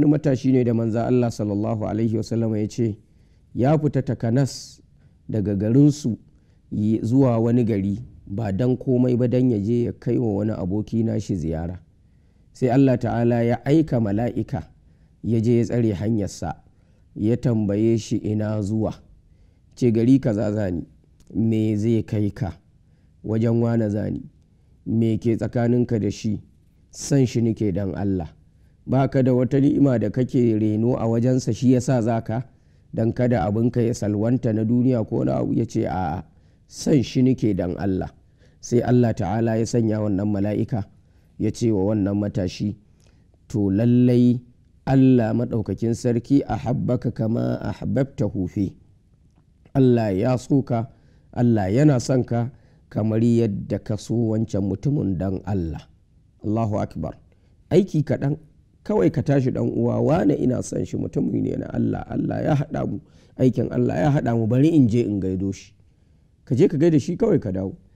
wani matashi ne da manza Allah sallallahu alaihi wasallama ya ce ya fita takanas daga garinsu zuwa wani gari ba dan komai ba dan yaje ya kai wa wani aboki shi ziyara sai Allah ta'ala ya aika mala'ika ya je ya tsare hanyarsa ya tambaye shi ina zuwa ce gari kaza zani me zai kai ka wajen wane zani me ke tsakaninka da shi san shi nike dan Allah baka da wata ni'ima da kake reno a wajensa shi yasa zaka don kada abinka ya salwanta na duniya ko na abu ya ce a san shi nike don Allah sai Allah ta'ala ya sanya wannan mala'ika ya ce wa wannan matashi to lallai Allah maɗaukakin sarki a habbaka kama a habbabta hufe Allah ya ka Allah yana son ka kamar yadda ka so wancan mutumin don Allah Allahu akbar aiki kaɗan kawai ka tashi dan uwa wane ina son shi mutumin ne na Allah Allah ya haɗa mu aikin Allah ya haɗa mu bari in je in gaido shi ka je ka gaida shi kawai ka dawo